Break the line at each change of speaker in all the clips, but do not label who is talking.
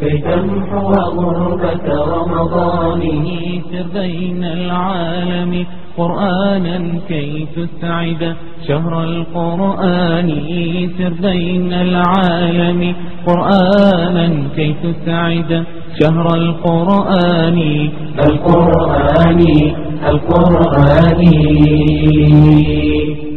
كي تمحو غربة رمضانه بين العالم قرآنا كي تسعد شهر القرآن سر بين العالم قرآنا كي تسعد شهر القرآن القرآن, القرآن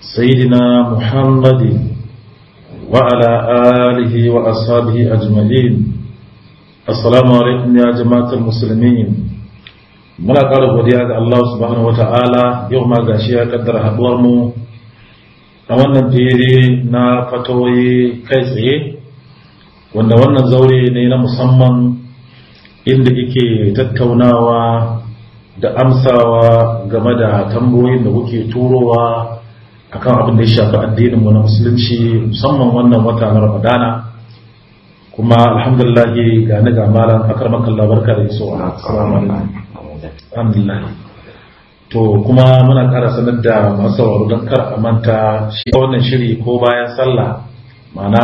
سيدنا محمد وعلى آله وأصحابه أجمعين السلام عليكم يا جماعة المسلمين muna ƙara godiya ga Allah subhanahu wa ta'ala yau ma gashi ya kaddara haɗuwar mu a wannan fili na fatoyi kai tsaye wanda wannan zaure ne na musamman inda yake tattaunawa da amsawa game da tambayoyin da kuke turowa akan abin da ya shafi addinin mu na musulunci musamman wannan wata na ramadana kuma alhamdulillah ga ni ga malam akramakallah barka da iso assalamu alaikum to kuma muna ƙara sanar da masu sauraro don kar a manta shi wannan shiri ko bayan sallah mana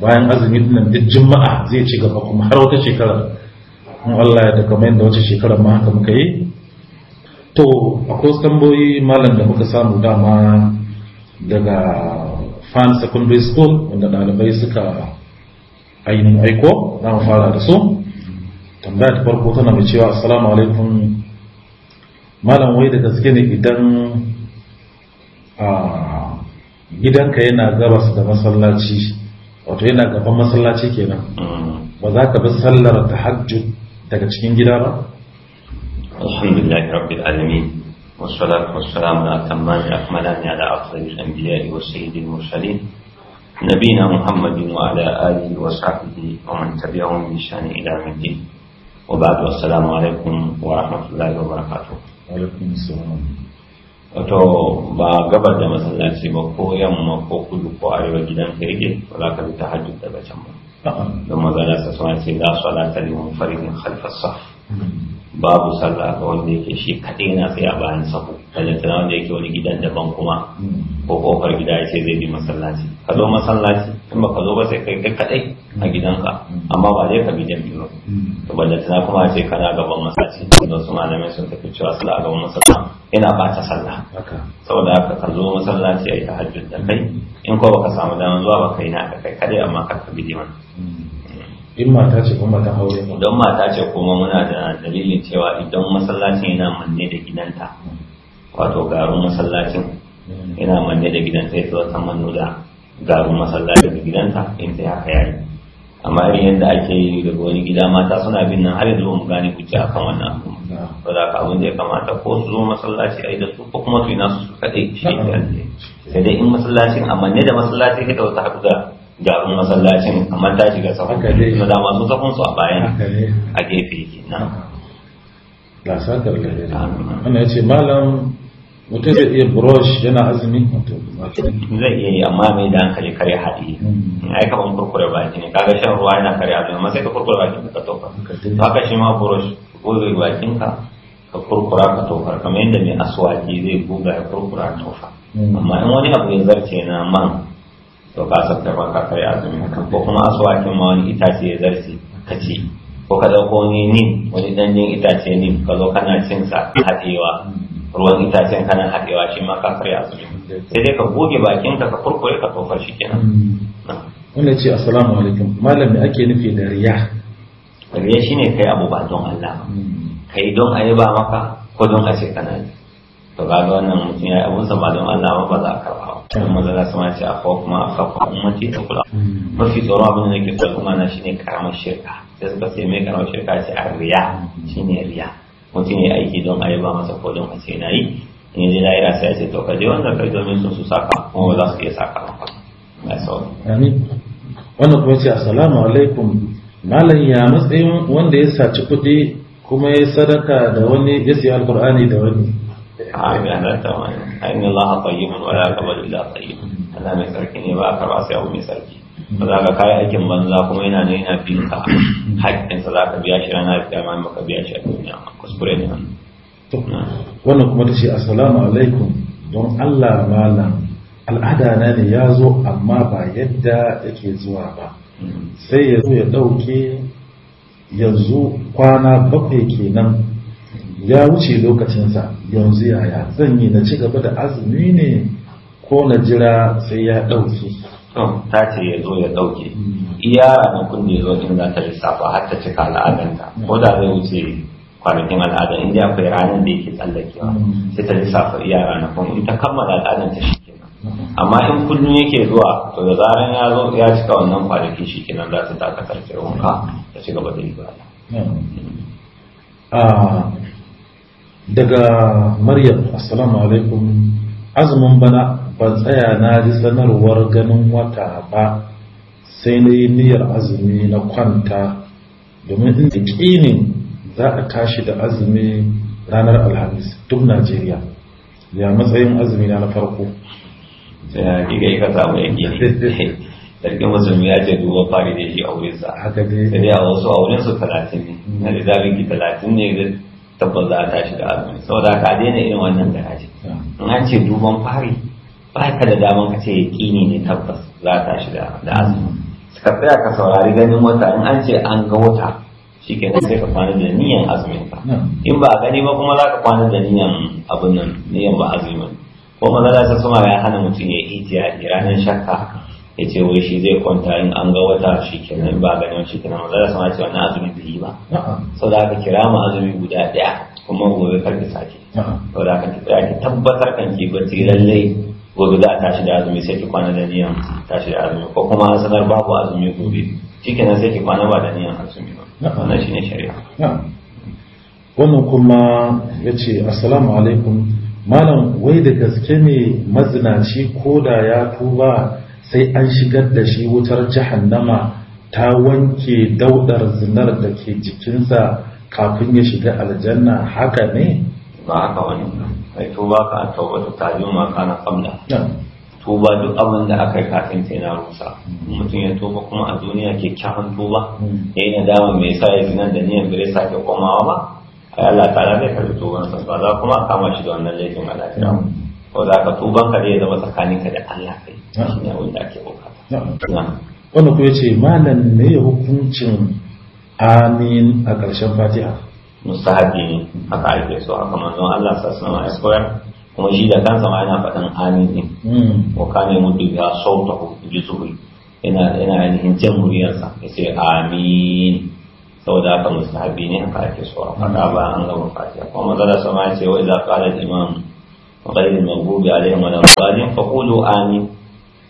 bayan azumi nan duk juma'a zai ci gaba kuma har wata shekara in Allah ya daga da wata shekarar ma haka muka yi to akwai wasu tambayoyi malam da muka samu dama daga fan secondary school wanda ɗalibai suka ainihin aiko na fara da su tambaya ta farko tana mai cewa assalamu alaikum malam wai da gaske ne idan a gidanka yana gabas da masallaci wato yana gaban masallaci kenan mm. ba za ka bi sallar hajju daga cikin gida ba
الحمد لله رب العالمين والصلاة والسلام على أتمان الأكملان على أفضل الأنبياء والسيد المرسلين نبينا محمد وعلى آله وصحبه ومن تبعهم بشان إلى الدين وبعد والسلام عليكم ورحمة الله وبركاته وعليكم السلام wato ba gabar da masallaci ba ko yamma ko kudu ko arewa gidan ka ba za ka bi ta hajjud daga can ba don maza sai khalfa saf hmm. babu sallah ga wanda yake shi kaɗai na tsaye a bayan sahu tana wanda yake wani gidan daban kuma ko kofar gida ya ce zai bi masallaci ka zo masallaci in ba ka zo ba sai kai kai kaɗai a gidanka amma ba zai ka bi jan biyu to tana kuma ce kana gaban masallaci don su malamai sun tafi cewa sallah a gaban masallaci yana ɓata sallah saboda haka ka zo masallaci a yi hajjin da kai in ko baka samu damar zuwa ba kai na kai kaɗai amma ka bi liman hmm.
in mata ce kuma ta aure idan
mata ce kuma muna da dalilin cewa idan masallacin yana manne da gidanta wato garin masallacin mm. yana manne da gidanta ya ta manno da garin masallacin da gidanta in ta haka yayi amma irin yadda ake yi daga wani gida mata suna bin nan har yanzu mu gane kuce akan wannan abu ba za ka abin da ya kamata ko su zo masallaci a yi da su ko kuma su yi nasu su kaɗai shi ne sai dai in masallacin a manne da masallacin ya ta haɗu da gabin masallacin amma ta shiga sahun kuma da masu sahun su a bayan a gefe yake na
la sadar da dare ana ce malam mutum zai iya brush yana azumi zai iya yi
amma mai da hankali kare haɗi hmm. ai ban kurkure baki ne kaga shan ruwa yana kare azumi amma sai ka kurkure baki ka tofa haka shi ma brush ko zai bakin ka ka kurkura ka tofa kamar yadda mai aswaki zai buga ya kurkura tofa hmm. amma in wani abu ya zarce na man to ka ba ka karya azumi ka ko kuma aswakin ma wani itace ya zarce ka ci ko ka dauko ni ni wani danyen itace ni ka zo kana cin sa haɗewa ruwan itacen kana haɗewa shi ma ka karya azumi sai dai ka goge bakin ka ka kurkure ka tofar shi kenan
hmm. wanda ce assalamu alaikum malam me ake nufi da riya
riya shine kai abu ba don Allah hmm. kai don a ba maka ko don a ce kana to ga wannan mutum ya yi abunsa ba don Allah ba ba za a ba. maza za su mace a kawo kuma a kafa umarci ta kula hmm. mafi tsoron abin da nake so kuma na ne karamar shirka sai suka sai mai karamar shirka ce a riya hmm. ne riya mutum ya aiki don a ba masa ko don a ce na yi in zai ra'ira sai a ce to ka je wanda kai domin sun su saka kuma ba za su iya saka ba
na sauri wannan kuma ce assalamu alaikum malam ya matsayin wanda ya saci kuɗi kuma ya sadaka da wani ya siya alkur'ani da wani
amin Allah ta wani ainihin Allah tsayyibun wala kabar illa tsayyibun Allah mai sarki ne ba ka ba sai abu mai sarki ba za ka kayi aikin banza kuma yana ne yana bin ka haƙƙinsa za ka biya shi ranar da ma maka biya shi a duniya kuskure ne
wannan kuma ta ce assalamu alaikum don Allah malam al'ada na ne ya zo amma ba yadda yake zuwa ba sai ya ya ɗauke yanzu kwana bakwai kenan ya wuce lokacinsa yanzu yaya zan yi na ci gaba da azumi ne ko na jira sai ya
ɗauki. ta ce ya zo ya ɗauke iya ranakun da ya zo in za ta lissafa har ta cika al'adanta mm. ko da zai wuce kwanakin al'adar in ya akwai ranar da yake tsallakewa mm. sai ta lissafa iya ranakun in ta kammala al'adar ta shi kenan mm. amma in kullum yake zuwa to da zaran ya zo ya cika wannan kwanaki shi kenan za ta dakatar wanka ta ci gaba da ibada
ah, daga maryam assalamu alaikum azumin bana ba tsaya na ji sanarwar ganin wata ba sai na yi niyyar azumi na kwanta domin in ƙinin za a tashi da azumi ranar alhamis duk najeriya ya matsayin azumi na farko
sai ka samu yanki sarkin musulmi ya ce duba fari da shi a wurinsa haka dai sai a wasu a wurinsu talatin ne na da ki talatin ne tabbas za a tashi da azumi saboda ka daina irin wannan da haji in an ce duban fari ba ka da daman ka ce yaƙini ne tabbas za a tashi da azumi ka tsaya ka saurari ganin wata in an ce an ga wata shi ke sai ka kwana da niyan azumin ka in ba a gani ba kuma za ka kwana da niyan abin nan niyan ba azumi ko maza za su suma ya hana mutum ya yi ranar shakka ya ce wai shi zai kwanta in an ga wata shi kenan ba ganin shi kenan maza da sama ce wani azumi da yi ba sau da aka kira mu azumi guda ɗaya kuma gobe kar ki sake sau da aka kira ki tabbatar kan ki bacci lalle gobe za a tashi da azumi sai ki kwana da niyan tashi da azumi ko kuma an sanar babu azumi gobe shi kenan sai ki kwana ba da niyan azumi ba wannan shine shari'a
wannan kuma ya ce assalamu alaikum malam wai da gaske ne mazinaci ko da ya tuba sai an shigar da shi wutar jahannama ta wanke daudar zinar da ke jikinsa kafin ya shiga aljanna haka ne ba haka wani mai tuba ka an tauba ta tabi ma na kamla tuba duk abin da
aka yi kafin sai na rusa mutum ya tuba kuma a duniya ke kyakkyawan tuba hmm. ya yi nadama mai sa ya zinar da niyan bare sake komawa ba yi Allah ta'ala zai karbi na ba za kuma a kama shi da wannan laifin a lafiya ko za ka tuban ka zai zama tsakaninka da Allah kai shi ne abin da ake
bukata wanda ku yace malam ne ya hukuncin amin a ƙarshen fatiha
musahabi ne haka ake so haka manzon Allah sallallahu alaihi wasallam kuma shi da kansa ma yana faɗin amin ne hmm. wa kana mudu ya sautahu jizuhu yana yana ainihin jan muryarsa ya ce amin saboda haka musahabi ne haka ake so haka ba an gama fatiha kuma manzon Allah ya ce wa idza qala al-imam غير المغضوب عليهم ولا الضالين فقولوا آمين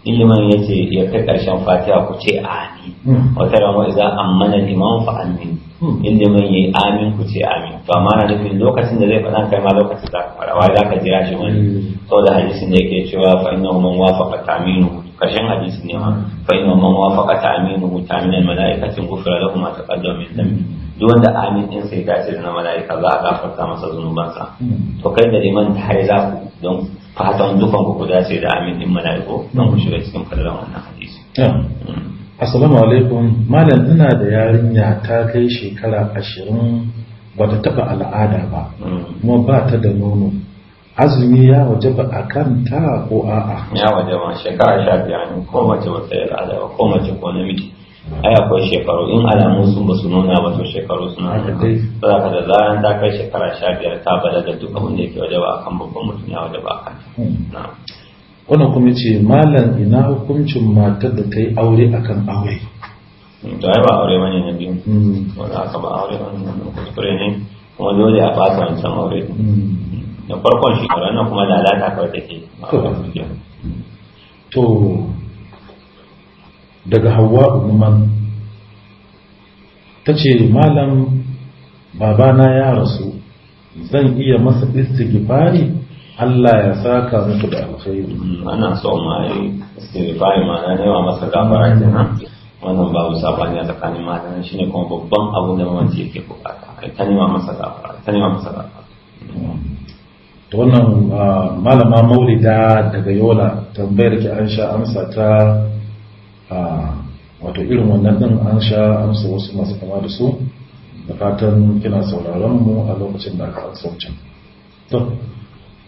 ilimin ya ce ya kai ƙarshen fatiha ku ce amin wata rama idan ammana imam fa amin ilimin ya yi amin ku amin to amma na nufin lokacin da zai faɗa kai ma lokacin za ka faɗa wai za ka jira shi wani saboda hadisin da yake cewa fa inna man wafaqa taminu karshen hadisin ne ma fa inna man wafaqa taminu tamina malaikatin gufira lahum ma taqaddama min duk wanda amin din sai dace da mala'ika za a gafarta masa zunubansa to kai da ta hari za ku don fatan dukan ku ku dace da amin din mala'iku don ku shiga cikin
kallon wannan hadisi
mm. assalamu alaikum malam ina da yarinya ta kai shekara ashirin ba ta taɓa al'ada ba mm. kuma ba ta da nono azumi ya waje ba a kan ta ko a'a
ya waje ba shekara sha biyar ko mace ba ta yi al'ada ba ko mace ko namiji ai akwai shekaru in alamu sun basu nuna ba to shekaru suna da ka da zaran ta kai shekara sha biyar ta bada da duka wanda yake ba akan babban mutum ya ba akan
hmm. wannan kuma ce malam ina hukuncin matar da ta yi aure akan aure
hmm, to ai ba aure bane na biyu hmm. wanda aka ba aure wannan na kuskure ne kuma dole a fasa wancan aure da farkon shekaru nan kuma lalata kawai take
to daga hawa umman ta ce malam babana ya rasu zan iya masa istighfari Allah ya saka muku da alkhairi
ana so ma istighfari ma na yawa masa gafara ha wannan babu sabani a tsakanin matan shine kuma babban abu da mamaci yake bukata kai ta nema masa gafara ta nema masa gafara
to wannan ah, malama maulida daga yola tambayar ki an sha amsa ta Ah, wato irin wannan ɗin an sha amsa wasu masu kama da su da fatan kina sauraron mu a lokacin da aka amsa to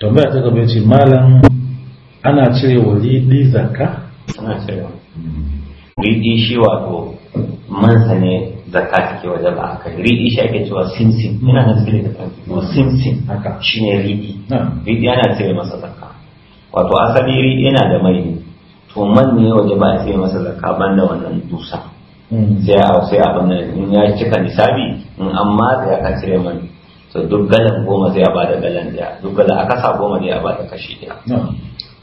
tambaya ta gaba ce malam ana cire wa riɗi zakka
ana cirewa riɗi shi wato mansa ne zakka take wajen da aka riɗi shi ake cewa sinsin Ina na cire
da kanki sinsin haka
ne ridi. Ridi ana cire masa zakka wato asali riɗi yana da mai umar ne waje ba a tsaye masa zakka ban da wannan dusa hmm. sai a sai a da in ya cika nisabi in an matsa ya kan cire mani to duk galan goma zai a bada galan daya duk gala a kasa goma ne a bada kashi daya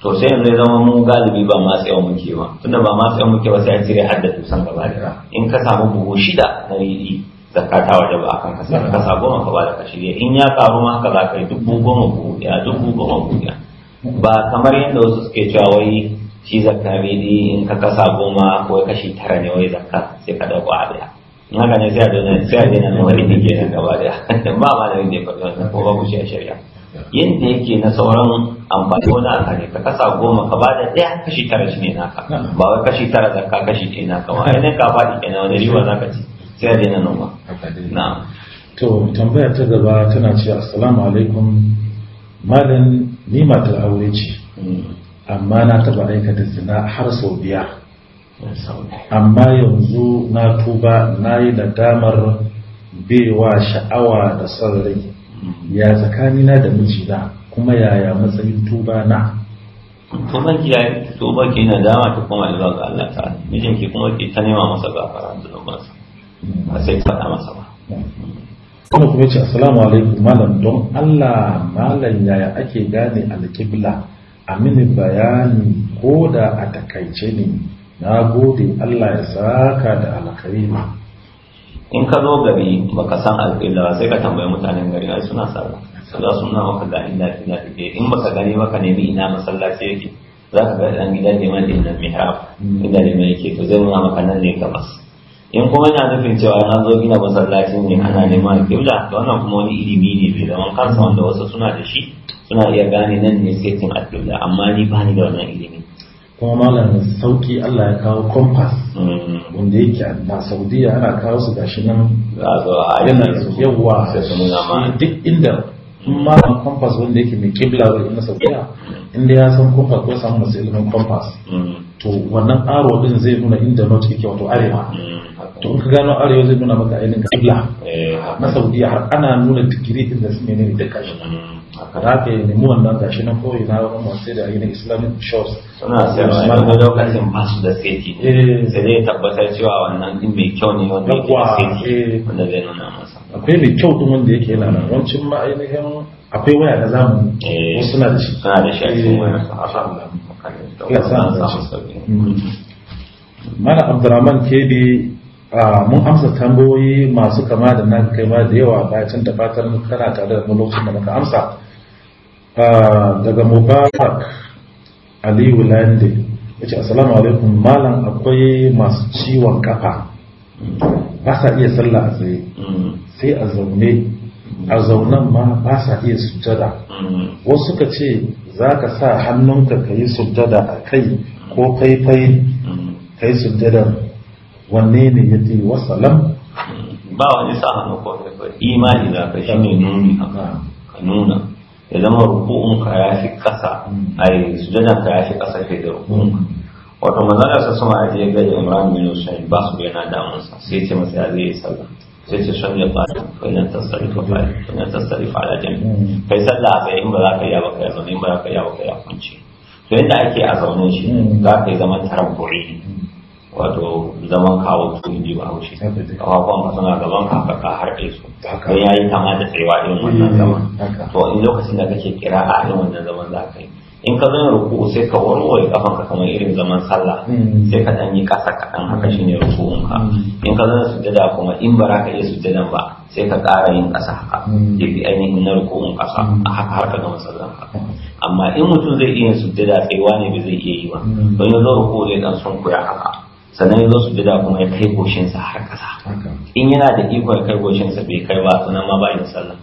to sai yanzu ya zama mun galibi ba ma tsaye muke ba tunda ba ma tsaye muke ba sai a cire hadda dusan gaba da in ka samu buhu shida na riɗi zakka ta waje ba akan kasa ka sa goma ka bada kashi daya in ya karu ma haka za ka yi dubu goma buhu daya dubu goma buhu daya ba kamar yadda wasu suke cewa wai shi zakka bidi in ka kasa goma ko kashi tara ne wai zakka sai ka dauko a daya in haka ne sai a dona sai a dena na wani dike nan gaba daya ba ma da yadda ya faɗi wannan ko babu shi a shari'a yadda yake na sauran amfani ko aka ne ka kasa goma ka ba da daya kashi tara shi ne naka ba wai kashi tara zakka kashi ɗaya naka ba ainihin ka faɗi kenan wani riba ka ci sai a dena noma na'am
to tambaya ta gaba tana cewa assalamu alaikum malam ni matar aure ce hmm. amma na taba aikata zina har sau biya amma yanzu na tuba na yi da damar bewa sha'awa da son rai mm. ya tsakanina da mijina kuma yaya matsayin tuba na
tuban ki yi tuba ki na dama ta kuma zuwa ga Allah ta mijin ki kuma ki ta nema masa gafara da zubansa ba sai faɗa
masa ba kuma kuma ce assalamu alaikum malam don Allah malam yaya ake gane alƙibla a mini bayani ko da a takaice ne na gode Allah ya saka da alkarima in ka
zo gari baka san alƙibla ba sai ka tambayi mutanen gari ai suna sallah su za su nuna maka ga inda ina take in baka gani maka nemi ina masallaci yake za ka ga dan gidan neman din mihrab inda ne yake to zai nuna maka nan ne gabas in kuma yana nufin cewa na zo gina masallacin ne ana neman kibla to wannan kuma wani ilimi ne bai zaman kansa wanda wasu suna da shi suna iya gane nan ne setin alƙibla amma ni ba ni da wannan ilimi kuma malam
sauki Allah ya kawo compass mm. wanda yake a Saudiya ana kawo su gashi nan yana yawa duk inda malam compass wanda yake mai kibla wani na Saudiya inda ya san compass ko san masu ilimin compass mm. to wannan aro din zai nuna inda not yake wato arewa mm. to ka gano arewa zai nuna maka ainihin kabla eh, na saudiya har ana nuna digiri din da su ne da kashi mm, a ka yi nemi wannan gashi na koyi na wani masu da ainihin islamic shows suna sayarwa a ga lokacin
masu da seti eh. sai dai tabbatar cewa wannan din mai kyau ne wanda yake da seti eh.
wanda zai nuna masa akwai mai kyau din wanda yake yana nan wancin ma ainihin akwai waya da zamu wasu suna da shi suna da shi a cikin
waya Allah mm.
mana abdurrahman kebe mun amsa tambayoyi masu kama da na kai ma da yawa bayan da fatan kana tare da mu lokacin da muka amsa daga mubarak aliyu lande ya ce assalamu alaikum malam akwai masu ciwon kafa ba sa iya sallah a tsaye sai a zaune a zaunan ma ba sa iya sujada, wasu ka ce za ka sa hannunka ka yi sujada a kai ko kai ka yi wanne ne ya ce wa salam
ba wani sa hannu ko imani da ka shi ne nuni haka ka nuna ya zama ruku'un ka ya fi kasa hmm. a yi sujadan ka ya fi kasa fi da ruku'un wato manzana sa sama a je gaji imran bin husayn ba su yana damunsa sai ce masa ya zai sallah sai ce shan ya fara ko yana tasari ko fadi ko tasari jami hmm. kai sallah a tsaye in ba za ka yi ba kai zaune in ba za ka yi ba kai a kwance to yadda ake a zaune shi hmm. za ka yi zaman tarabbu'i wato zaman kawo su inji ba haushi kafafon ka suna gaban ka har ɗai su don ya yi kama da tsayawa irin wannan eh, zaman to in lokacin da kake kira a irin wannan zaman za ka yi in ka zan ruku sai ka warware kafan ka kamar irin zaman sallah hmm. sai ka dan yi ƙasa kaɗan haka hmm. shine rukun ka hmm. in ka su sujada kuma in ba ka iya sujadan ba sai ka ƙara yin ƙasa haka ya fi ainihin na rukun ƙasa. a haka har ka gama sallan ka amma in mutum zai iya sujada tsayawa ne ba zai iya yi ba don yanzu ruku zai ɗan sun kuya haka sannan ya zo su bida kuma ya kai goshinsa har ƙasa in yana da iko ya kai goshinsa bai kai ba sannan ma ba yin sallah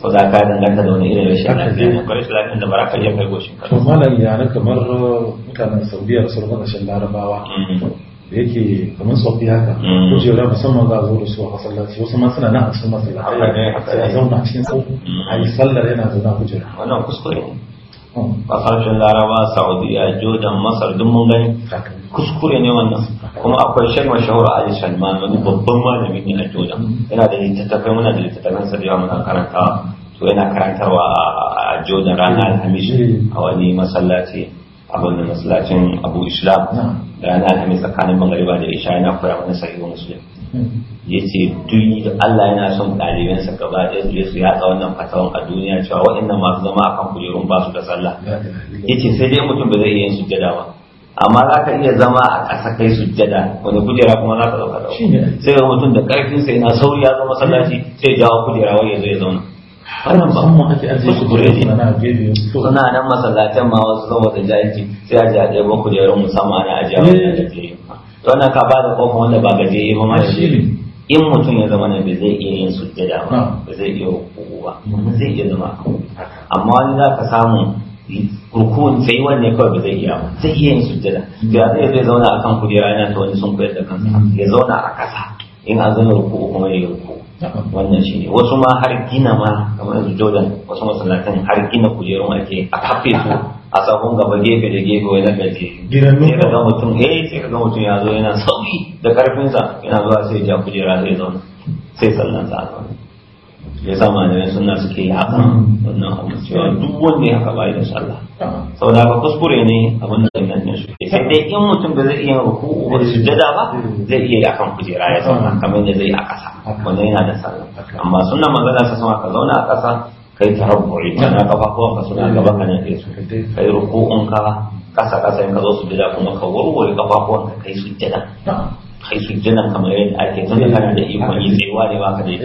ko za ka danganta da wani irin rashin lafiya ne kwarai lafiyar da ba za ka iya kai goshin ka to
malam ya na kamar mutanen saudiya da sauran ƙasashen larabawa mm-hmm. da yake kamar tsofi haka mm-hmm. kujera musamman za a zo da su a masallaci wasu ma suna nan a cikin masallaci a zauna cikin sauki a yi sallar yana zauna kujera wannan
kuskure ne kasashen laraba saudiya jordan masar duk mun gani kuskure ne wannan kuma akwai shek mashahura ali salman wani babban malami ne a jordan yana da littattafai muna da littattafan sa da muna karantawa to yana karantarwa a jordan ranar alhamis a wani masallaci abin da masallacin abu islam ranar alhamis tsakanin magariba da isha yana koya mana sahihun musulun ya ce duk Allah yana son ɗalibansa gaba ɗaya su su yaɗa wannan fatawan a duniya cewa waɗannan masu zama a kan kujerun ba su da sallah ya ce sai dai mutum ba zai iya yin sujjada ba amma za ka iya zama a ƙasa kai sujjada wani kujera kuma za ka ɗauka da sai ga mutum da ƙarfinsa yana sauri ya zama sallaci sai jawo kujera wani ya zo ya zauna wannan ba mu ake aje su gure ne suna nan masallacin ma wasu saboda jahilci sai a ji a ɗaya kujerun musamman ana ajiya wani da wannan ka ba da kofa wanda ba gaje ya ba ma shi in mutum ya zama bai zai iya yin da ba ba zai iya hukuku ba mhm. zai iya zama amma wani za ka samu rukun sai wanne kawai ba zai iya ba zai iya yin da dama mhm. ya zai zauna a kan kudi yana ta wani sun koyar da kansa mhm. ya zauna a kasa in an zama rukuku kuma ya yi rukuku wannan shi ne wasu ma har gina ma kamar yanzu jordan wasu masallatan har gina kujerun ake a kafe su a sabon gaba gefe da gefe wai na ƙarshe ka ga mutum eh sai ka ga mutum ya zo yana sauki da karfinsa yana zuwa sai ja kujera sai zauna sai sallan sa a ya sa malamai suna suke yi haka wannan abu cewa duk wanda ya haka da sallah sau da kuskure ne abin da zai nan su ke sai dai in mutum ba zai iya ruku ba su jada ba zai iya yi akan kujera ya zauna kamar yadda zai yi a ƙasa wannan yana da sallah amma suna magana sa sama ka zauna a ƙasa kai tarabbu'i kana ko ka suna gaba kan ne su kai ruku'un ka kasa kasa in ka zo su jira kuma ka warware ko ka kai su jina kai su jina kamar yadda ake tun da kana da ikon yin tsayuwa ne ba ka dai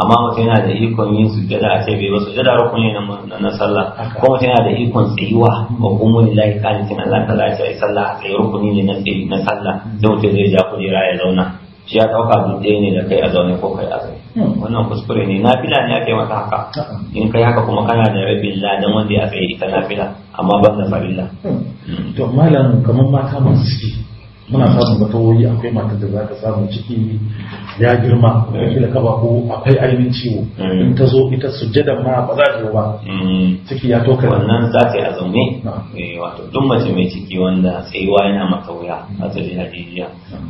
amma mutum yana da ikon yin su sujjada a ce bai ba jada rukuni na na sallah ko mutum yana da ikon tsayuwa wa kuma lillahi qanitin Allah ta lafiya sallah tsayi rukuni ne na tsayi na sallah don mutum zai ja kujera ya zauna shi ya ɗauka dutse ne da kai a zaune ko kai a hmm. wannan kuskure ne na fila ne ake mata haka hmm. in kai haka kuma kana da rabin ladan wanda ya tsaye ita fila amma ban da farilla
hmm. to malam kamar mata masu ciki muna samun batawoyi akwai matar da za ka samu ciki ya girma da kaba ko akwai ainihin ciwo mm. in ta zo ita sujjada ma ba za ta ba mm. ciki ya toka wannan za ta yi a zaune
eh, wato duk mace mai ciki wanda tsayuwa yana mata wuya a ta ji jijiya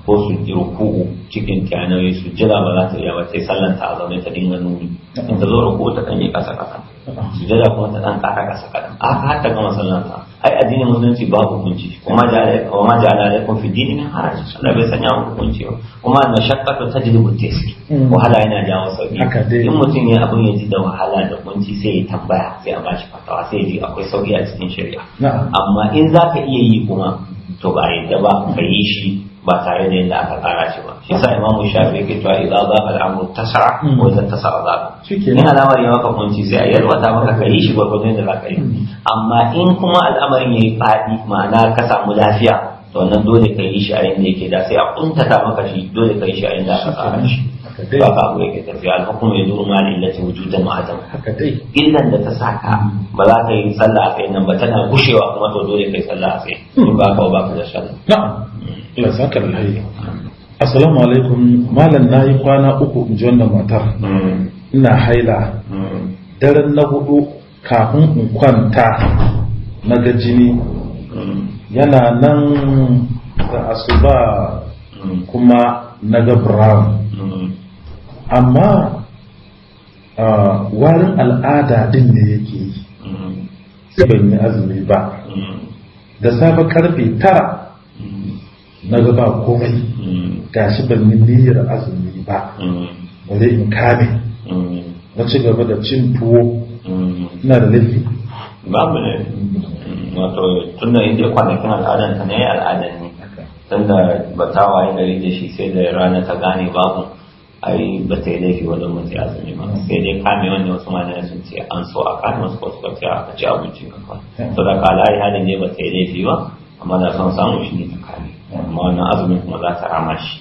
ko su ji ruku'u cikin ta yana yi sujjada ba za ta yi ba sai sallanta a zaune ta dinga nuni ta zo ruku ta kan yi kasa kasa sujada kuma ta dan kara kasa kadan a ka hatta ga masallan sa ai addinin musulunci ba hukunci kuma jala kuma jala da kun fi dinin haraj Allah bai sanya hukunci ba kuma ta tajlibu tasbi hmm. wahala yana jawo sauki in mutum ne abun ya ji da wahala da kunci sai ya tambaya sai a bashi fatawa sai ya ji akwai sauki a cikin shari'a amma in za ka iya yi kuma to ba yadda ba ka shi ba tare da yadda aka tsara shi ba shi sa imamu shafi yake cewa idza za al'amru tasara ko idan tasara za ka in alamar ya maka kunci sai a wata maka kai shi ba kuma da za yi hmm. amma in kuma al'amarin yayi fadi ma'ana ka samu lafiya to wannan dole ka yi shi a yadda yake da sai a kuntata maka shi dole ka yi shi a yadda aka tsara shi ba ka abu yake tafiya alhukum ya duru ma da illatin wujudan ma'adam illan da ta saka ba za ka yi sallah a tsayin nan ba tana gushewa kuma to dole kai sallah a tsaye hmm. in ba ka ba ka da sallah na'am
Allah saka alhaji assalamu alaikum malam nayi kwana uku in ji wannan matar hmm. ina haila hmm. daren na hudu kafin in kwanta na ga jini yana nan da asuba kuma na ga brown amma warin al'ada din ne yake yi sai ban yi azumi ba da safe karfe tara na ga ba komai shi ban yi niyyar azumi ba wale in kame na ci gaba da cin tuwo ina da laifi
babu ne wato tun da yake kwanakin al'adar ta ne al'adar ne tun da ba ta waye gari da shi sai da rana ta gane babu ai ba ta yi laifi wajen mace azumi ba sai dai kame wanda wasu mana sun ce an so a kan wasu wasu kwanci a ci abinci ka kwan to da kalari halin ne ba ta yi laifi ba amma da son samu shi ne ta kame amma wannan azumin kuma za ta rama shi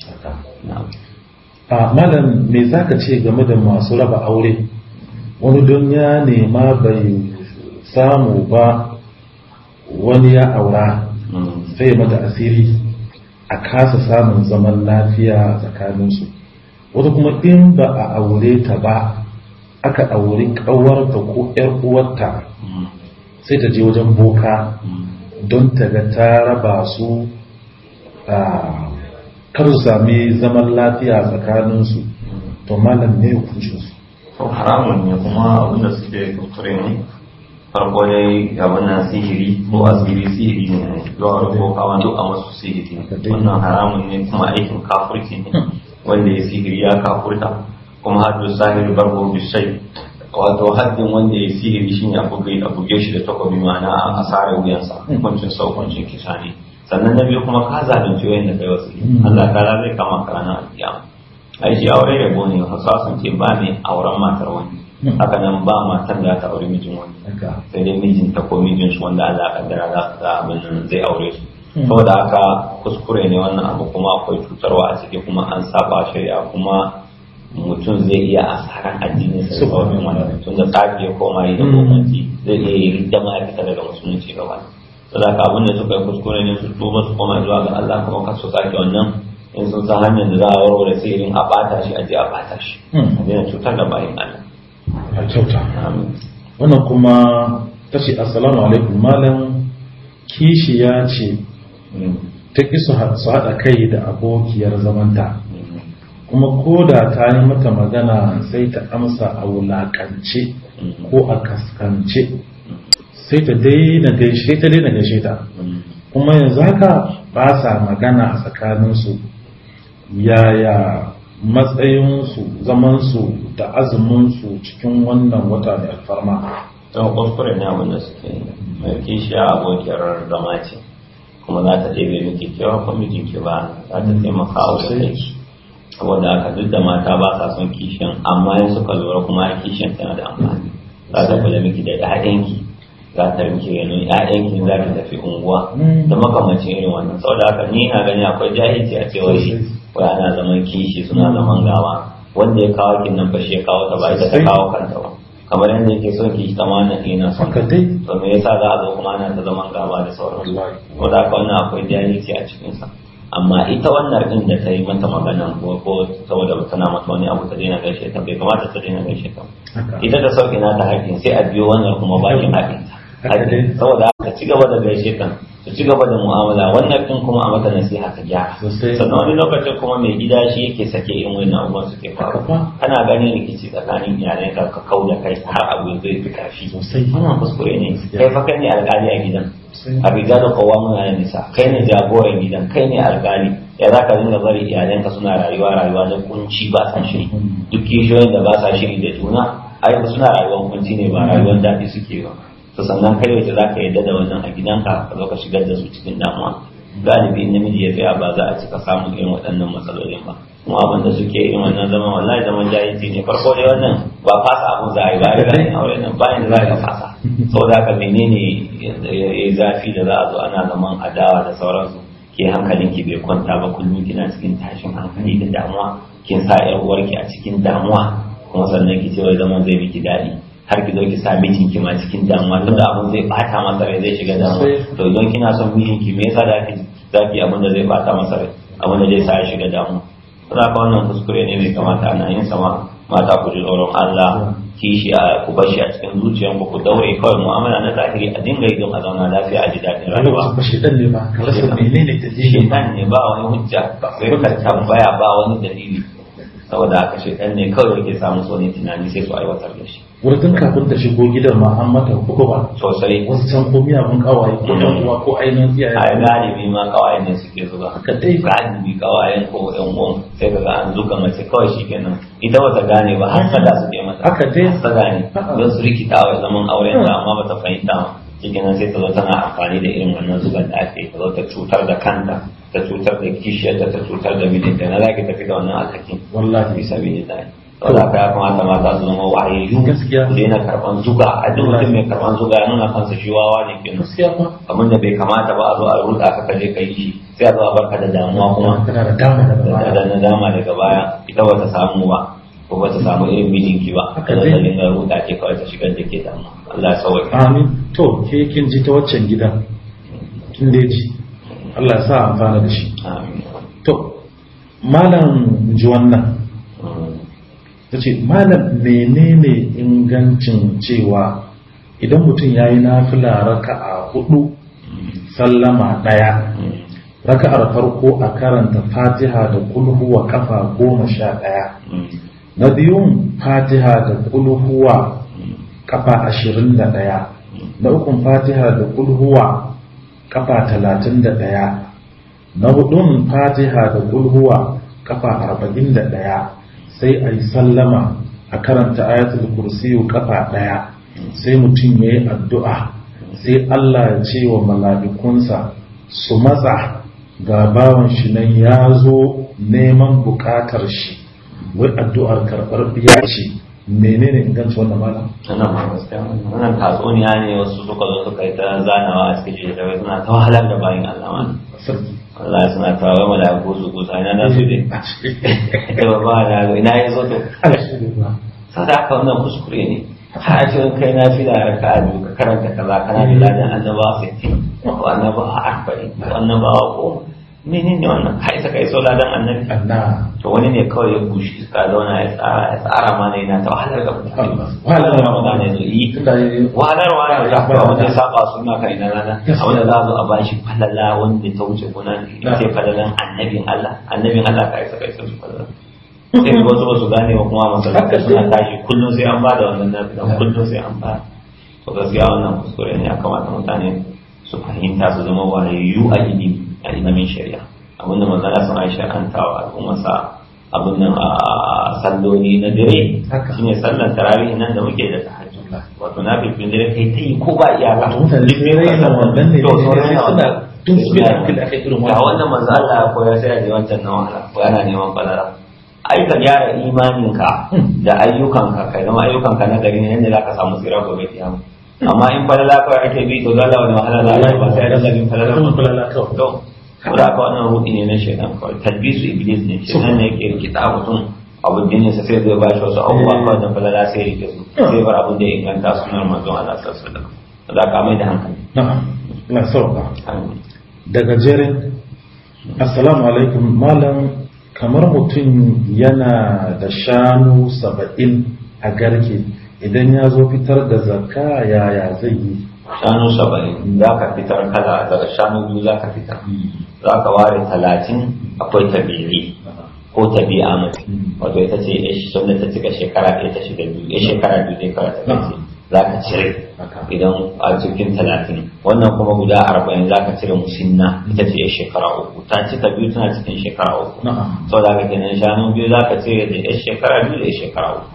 a malam me za ka ce game da masu raba aure wani don ya nema bai samu ba wani ya aura hmm. sai mata asiri a kasa samun zaman lafiya tsakaninsu wata kuma in ba a aure ta ba aka aure ƙawarta ko ‘yar uwarta sai ta je wajen boka don ta ga ta raba su kar su sami zaman lafiya tsakaninsu to malam ne hukuncinsu
to haramun ne kuma wanda suke kuskure ne farko dai abin nan sihiri ko asiri sihiri ne don harko kawan duk a masu sihiri wannan haramun ne kuma aikin kafurki ne wanda ya sihiri ya kafurta kuma haddu sahiru barbun bishai wato haddin wanda ya sihiri shi ne a buge shi da takobi ma'ana a asara wuyansa hukuncin sau kisa ne sannan na biyu kuma ka zalunci wayan da kai wasu hmm. Allah ta zai kama ka ranar alkiyama ai shi aure da gone hasasun ce ba ne auren matar wani hmm. haka nan ba matar da ta aure mijin wani sai dai mijinta ko mijinsu wanda Allah ya kaddara za su abin zai aure su saboda haka kuskure ne wannan abu kuma akwai cutarwa a ciki kuma an saba shari'a kuma mutum zai iya asaran addinin sa da wani wani tun da tsafi ya koma yi da mm. gwamnati zai iya yi da ma'aikata daga musulunci gaba saboda haka abin da suka yi kuskure ne su duba su koma zuwa ga Allah kuma kasu sake wannan in sun san hanyar da za a warware sai irin a bata shi a je a bata shi mm. a zai cutar da bayan Allah
a kyauta wannan kuma tashi assalamu alaikum malam kishi ya ce ta ƙi su haɗa kai da abokiyar zamanta kuma ko da ta yi mata magana sai ta amsa a wulakance ko a kaskance sai ta daina gaishe ta daina ta, kuma yanzu haka ba sa magana a tsakaninsu yaya matsayinsu zamansu da azuminsu cikin wannan wata da alfarma don kuskure ne
suke mai kishiya abokiyar zama ce kuma za ta ɗebe miki kewa ko mijinki ba za ta taimaka a wajen saboda haka duk da mata ba sa son kishin amma yin suka lura kuma kishin tana da amfani za ta kula miki da 'ya'yanki za ta rike yanin 'ya'yanki za ta tafi unguwa mm. da makamancin irin wannan saboda haka ni na gani akwai jahilci a cewa shi ko ana zaman kishi suna zaman gawa wanda ya kawo kin nan ba shi ya kawo ta ba ita ta kawo kanta ba kamar yadda yake son ki ke na ina son ka dai to me yasa za a zo kuma ana ta zaman gaba da sauran ko da ka wannan akwai jahilci a cikin sa amma ita wannan din da ta yi mata magana ko ko saboda tana mata wani abu ta daina gaishe ta bai kamata ta daina gaishe ta ita da sauki na ta hakin sai a biyo wannan kuma ba hakin ta saboda ka ci gaba da gaishe ta ka ci gaba da mu'amala wannan din kuma a maka nasiha ka gyara sannan wani lokacin kuma mai gida shi yake sake in wani abubuwan suke faru. kana ganin rikici tsakanin iyalan ka ka kauda kai har abu zai fi karfi wannan kuskure ne kai fa kai ne alƙali a gidan a riga da kowa muna da nisa kai ne jagoran gidan kai ne alƙali ya za ka dinga bari iyalanka suna rayuwa rayuwa na kunci ba sa shiri mm. duk kishiyoyin da ba sa shiri da juna ai suna rayuwar kunci ne ba rayuwar daɗi suke ba to sannan kai wace za ka yadda da wannan a gidan ka zo ka shigar da su cikin damuwa galibi namiji ya tsaya ba za a cika samun irin waɗannan matsalolin ba kuma abin da suke irin wannan zaman wallahi zaman jahilci ne farko dai wannan ba fasa abun za a yi ba ya gani aure ba bayan za a fasa sau da haka menene ya zafi da za a zo ana zaman adawa da sauransu ke hankalin ki bai kwanta ba kullum kina cikin tashin hankali da damuwa kin sa yar uwarki a cikin damuwa kuma sannan ki ce wai zaman zai miki daɗi har ki zo ki sa mijin ki ma cikin damuwa tunda abun zai bata masa rai zai shiga damuwa to idan kina son mijin ki me yasa zaki zaki abun da zai bata masa rai abun da zai sa ya shiga damuwa kuna ka wannan kuskure ne mai kamata ana yin sama mata ku ji tsoron Allah kishi a ku bashi a cikin zuciyar ku daure kawai mu'amala na zahiri a dinga yi don a zauna lafiya a ji daɗin rayuwa. Ba
shi ne ba, ka rasa menene ne
ba wani hujja, sai ka tambaya ba wani dalili. saboda aka haka ɗan ne kawai yake samun wani tunani sai su aiwatar da shi
wurin kafin ta shigo gidan ma an mata kuka ba
sosai wasu
can ko miyagun kawaye ko yan
uwa ko ainihin iyaye a galibi ma kawaye ne suke zuba haka dai galibi kawayen ko yan uwan sai ka ga an zuka mace kawai shi kenan ita bata gane ba har sada ke mata haka dai sada ne don su rikita wa zaman auren da amma ba ta fahimta ba shi kenan sai ta zo tana amfani da irin wannan zuban da ake ta zo ta cutar da kanta Da cutar da kishiyarta ta cutar da mijinta na za tafi da wannan alhakin wallahi bisa mijinta ne wanda ka ya kamata mata su zama wahayayyu gaskiya ku daina karban zuga a duk mutum mai karban zuga ya nuna kansa shi wawa ne ke gaskiya fa amma da bai kamata ba a zo a ruda ka kaje ka yi shi sai a zo a barka da damuwa kuma
kana da dama da nadama
daga baya ita ba ta samu ba ko ba ta samu irin mijinki ba kana da zalin ruda ke kawai ta shiga da ke damuwa Allah ya sauke
amin to ke kin ji ta waccan gida kin da ji Allah ya sa amfana da shi to malam ji wannan ta ce malam menene ingancin cewa idan mutum ya yi nafila raka'a hudu sallama daya raka'ar farko a karanta fatiha da kulhuwa kafa goma sha daya na biyun fatiha da kulhuwa kafa ashirin da daya na ukun fatiha da kulhuwa kafa talatin da ɗaya na hudun fatiha da kulhuwa kafa arba'in da ɗaya sai a yi sallama a karanta ayatul kursiyu kafa ɗaya sai mutum ya yi addu'a sai Allah ya ce wa mala'ikunsa su matsa ga bawan shi nan ya zo neman bukatar shi wai addu'ar karɓar biya ce menene inganci wannan malam wannan ma gaskiya wannan
tatsuniya ne wasu suka zo suka yi ta zanawa a cikin da suna ta wahalar da bayan Allah Allah suna tawa mala ko su ko sana na su dai to ba na ina ya zo to sada ka wannan kuskure ne har kai na fi da raka a duka karanta kaza kana da ladan annaba sai ko annaba a arba'in ko ko menene wannan kai isa kai sola dan annabi to wani ne kawai ya bushi ka zauna ya tsara ya tsara ma ne na ta wahalar da mutane wahalar da mutane ne yi wahalar wa ne da ba wanda ya saba suna kai na rana a wanda za zo a bashi falala wanda ta wuce gona ce falalan annabin Allah annabin Allah kai isa kai sola falala sai ga wasu su gane ba kuma masallaci suna tashi kullum sai an bada wannan nan kullum sai an bada to gaskiya wannan kuskure ne ya kamata mutane su fahimta su zama wayayyu a ilimi a ilimin shari'a abinda manzala sun aisha kantawa sa abin nan a salloli na dare shi ne sallan tarawih nan da muke da tahajjud wato na bibin dare kai ta yi ko ba iyaka limin kasan wannan ne da tun su bi da da kai irin wannan wannan manzo Allah ya koyar sai a je wancan na wahala ko yana neman falara ai ka gyara imaninka da ayyukanka kai zama ayyukanka na gari ne yadda zaka samu tsira gobe kiyama amma in falala kawai ake bi to zala wani wahala za a ba sai da dinga bin falala falala kawai to saboda haka wannan ruɗi ne na shaitan kawai talbisu iblis ne shaitan ne yake rikita mutum abin jinin sa sai zai ba shi wasu abubuwa kawai da falala sai rike su sai bar abin da ya inganta sunan manzon Allah sallallahu alaihi wasallam da ka mai
da hankali na sauka daga jere. assalamu alaikum malam kamar mutum yana da shanu saba'in a garke idan ya zo fitar da zakka yaya zai yi
shanu saba'in za ka fitar kala daga shanu biyu za ka fitar za ka ware talatin akwai tabiri ko tabi'a mutu wato ita ce ya da ta cika shekara ɗaya ta shiga biyu ya shekara biyu zai ta kai za ka cire idan a cikin talatin wannan kuma guda arba'in za ka cire musinna ita ce shekara uku ta ci ta biyu tana cikin shekara uku sau da ka kenan shanu biyu za ka cire da ya shekara biyu da ya shekara uku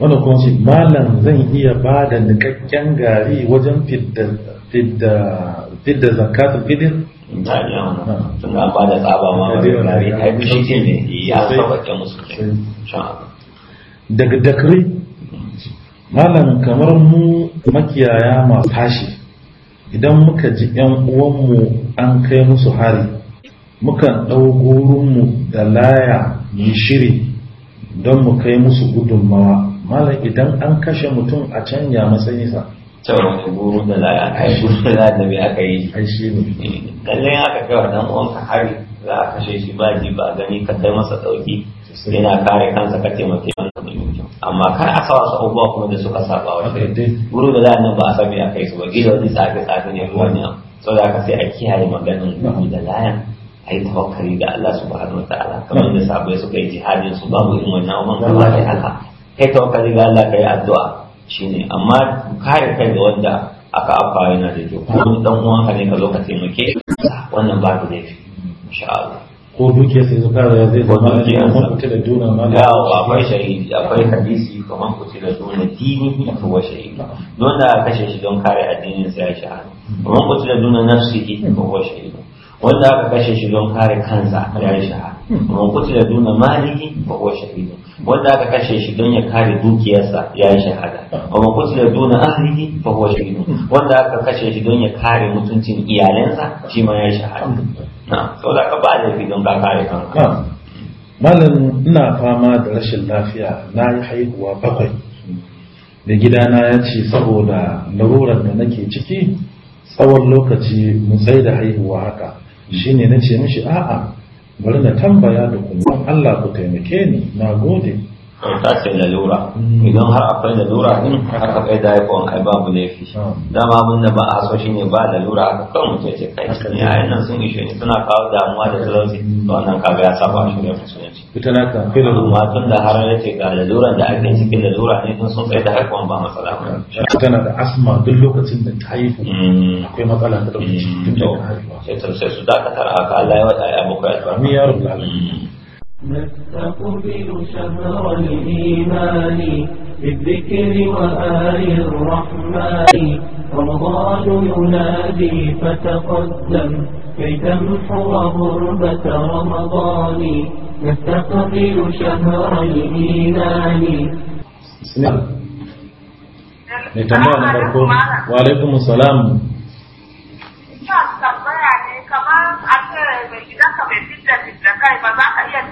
wanda kuma ce malam zan iya ba da nikakken gari wajen fidda zakatun fidin daga dakri malam kamar mu makiyaya masu tashi idan muka ji yan uwanmu an kai musu hari mukan ɗau gorinmu da laya mu shiri don mu kai musu gudunmawa malam idan an kashe mutum a canja matsayinsa
cewa mai
guru da za a kai guru da za aka yi ai shi ne kallon eh, aka dan ka hari za a kashe shi ba ji ba gani ka kai masa dauki yana kare kansa ka taimake wannan mai mutum amma kar a sa wasu abubuwa kuma da suka saba wa guru da za a nan ba a sami a yi su ba gida wani tsafi tsafi ne ko Sau da aka sai a kiyaye maganin guru da layan a yi tawakkali da Allah subhanahu wa ta'ala kamar da sabai suka yi jihadin su babu irin wannan umman gaba da Allah kai tawakkali ga Allah kai addu'a shine amma kare kai da wanda aka afa yana da kyau ko dan uwan ka ne ka zo ka taimake wannan ku dai
insha Allah ko duke sai zuka da zai zama kuma kuce da duna ma da akwai
shahidi akwai hadisi kamar kuce da duna dini ya kuwa shahidi don da kashe shi don kare addinin sai ya shahada kamar kuce da duna ne ko kuwa shahidi wanda aka kashe shi don kare kansa ya yi shahada hmm. man kutila duna malihi fa huwa shahidu wanda aka kashe shi don ya kare dukiyarsa ya yi shahada wa man kutila duna ahlihi fa huwa shahidu hmm. wanda aka kashe shi don ya kare mutuncin iyalansa shi ma ya yi shahada saboda ka ba laifi don ka kare kanka
malam ina fama da rashin lafiya na yi haihuwa bakwai da gidana ya ce saboda larurar da nake ciki tsawon lokaci mu tsaye da haihuwa haka shi ne na ce mishi a'a bari na tambaya da kuma Allah ku taimake ni na gode ta
ce lalura hmm. idan har akwai lalura din aka kai da ya kwan ai babu laifi hmm. dama mun da ba a so shi ne ba lalura aka kan mutum ce kai ne a nan sun ishe ni suna kawo damuwa da talauci hmm. to wannan kaga ya saba shi ne musulunci ita na ka kira amma tun da har ya ce ga laluran da ake cikin lalura ne tun sun kai da haihuwan ba matsala ba
tana da asma duk lokacin da ta haihu akwai matsala ta dauki tun da haihuwa sai su dakatar aka Allah ya wada ya bakwai albarka amin ya rabbal
نستقبل شهر الإيمان بالذكر وآل الرحمن رمضان ينادي فتقدم كي تمحو غربة رمضان نستقبل شهر الإيمان
بسم الله نعم. نتمنى نمبر 10 وعليكم السلام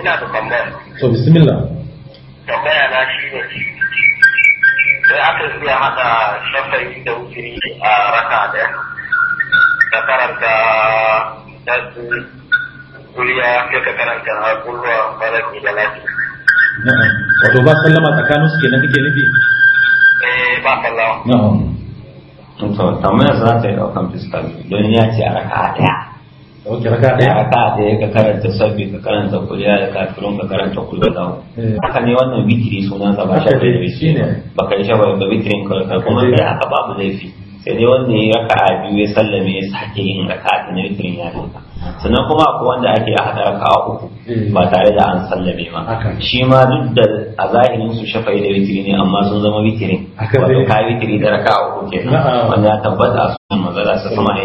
ina da tambaya
to bismillah tambaya na shi
ne sai aka iya haɗa shafayi da wuturi a raka
ɗaya ka karanta nasu kuriya
sai ka karanta hakurwa malaki da lafi
wato ba sallama tsakanin su kenan kake nufi
eh ba sallama
na'am to tambaya
za ta yi daukan fiskal don ya ce a raka a ɗaya ok raka daya ka karanta sabbi ka karanta kuliya da kafirun ka karanta kulwala haka eh. ne wannan witri suna sa ba shi da witri ba eh. kai shi ba witrin ka kuma kai haka babu laifi sai dai wanda ya raka a biyu ya sallame ya sake yin raka ta na witrin ya rika sannan kuma akwai wanda ake a hada raka uku ba tare da an sallame ma shi ma duk da a zahirin su shafa da witri ne amma sun zama witrin wato ka witri da raka uku kenan wanda ya tabbata a sunan manzala sa sama ne